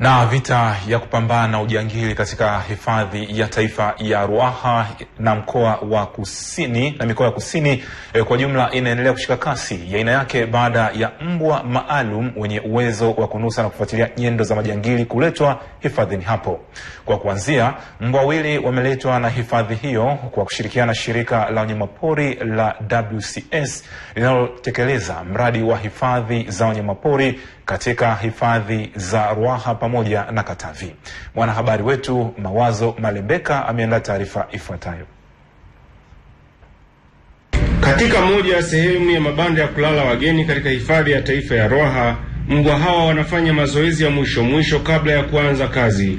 Na vita ya kupambana na ujangili katika hifadhi ya taifa ya Ruaha na mkoa wa Kusini na mikoa ya Kusini eh, kwa jumla inaendelea kushika kasi ya aina yake baada ya mbwa maalum wenye uwezo wa kunusa na kufuatilia nyendo za majangili kuletwa hifadhini hapo. Kwa kuanzia, mbwa wawili wameletwa na hifadhi hiyo kwa kushirikiana na shirika la wanyamapori la WCS linalotekeleza mradi wa hifadhi za wanyamapori katika hifadhi za Ruaha pamoja na Katavi. Mwanahabari wetu Mawazo Malembeka ameandaa taarifa ifuatayo. Katika moja ya sehemu ya mabanda ya kulala wageni katika hifadhi ya taifa ya Ruaha, mbwa hawa wanafanya mazoezi ya mwisho mwisho kabla ya kuanza kazi.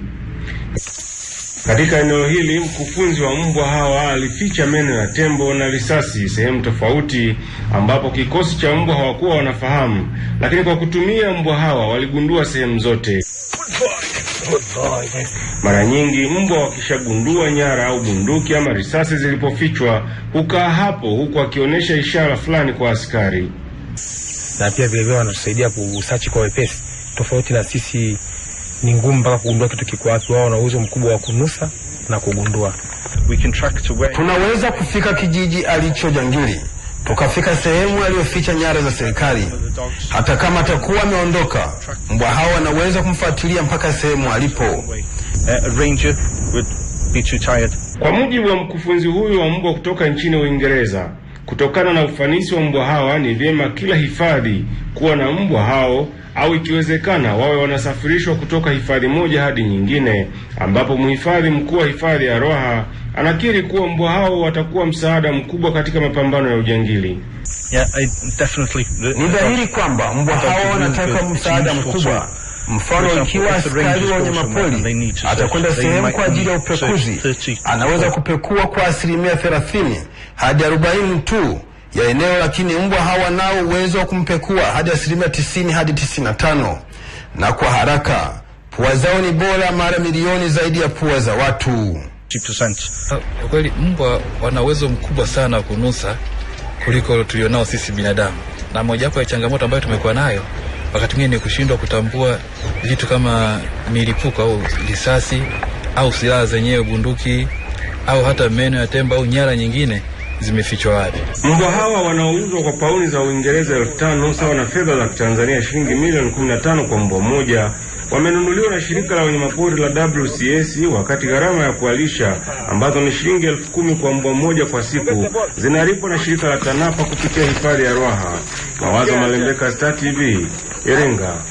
Katika eneo hili mkufunzi wa mbwa hawa alificha meno ya tembo na risasi sehemu tofauti, ambapo kikosi cha mbwa hawakuwa wanafahamu, lakini kwa kutumia mbwa hawa waligundua sehemu zote. Mara nyingi mbwa wakishagundua nyara au bunduki ama risasi zilipofichwa hukaa hapo, huku akionyesha ishara fulani kwa askari, na pia vilevile wanatusaidia kusachi kwa wepesi, tofauti na sisi ni ngumu mpaka kugundua kitu kiko wapi. Wao wana uwezo mkubwa wa kunusa na kugundua. Tunaweza kufika kijiji alicho jangili tukafika sehemu aliyoficha nyara za serikali. Hata kama atakuwa ameondoka, mbwa hao wanaweza kumfuatilia mpaka sehemu alipo. Uh, Kwa mujibu wa mkufunzi huyu wa mbwa kutoka nchini Uingereza, Kutokana na ufanisi wa mbwa hawa, ni vyema kila hifadhi kuwa na mbwa hao au ikiwezekana wawe wanasafirishwa kutoka hifadhi moja hadi nyingine, ambapo mhifadhi mkuu wa hifadhi ya Roha anakiri kuwa mbwa hao watakuwa msaada mkubwa katika mapambano ya ujangili. Yeah, ni dhahiri kwamba mbwa hao wanataka msaada mkubwa Mfano, ikiwa askari wa wanyamapori atakwenda sehemu kwa ajili ya upekuzi, anaweza kupekua kwa asilimia thelathini hadi arobaini tu ya eneo, lakini mbwa hawanao uwezo wa kumpekua hadi asilimia tisini hadi tisini na tano na kwa haraka. Pua zao ni bora mara milioni zaidi ya pua za watu. Ah, kweli mbwa wana uwezo mkubwa sana wa kunusa kuliko tulionao sisi binadamu, na mojawapo ya changamoto ambayo tumekuwa nayo wakati mwingine ni kushindwa kutambua vitu kama milipuko au risasi au silaha zenyewe, bunduki au hata meno ya tembo au nyara nyingine zimefichwa wapi. Mbwa hawa wanaouzwa kwa pauni za Uingereza elfu tano sawa na fedha za Tanzania shilingi milioni 15 kwa mbwa mmoja wamenunuliwa na shirika la wanyamapori la WCS wakati gharama ya kualisha ambazo ni shilingi elfu kumi kwa mbwa mmoja kwa siku zinalipwa na shirika la TANAPA kupitia hifadhi ya Ruaha. Mawazo Malembeka, Star TV. エレンが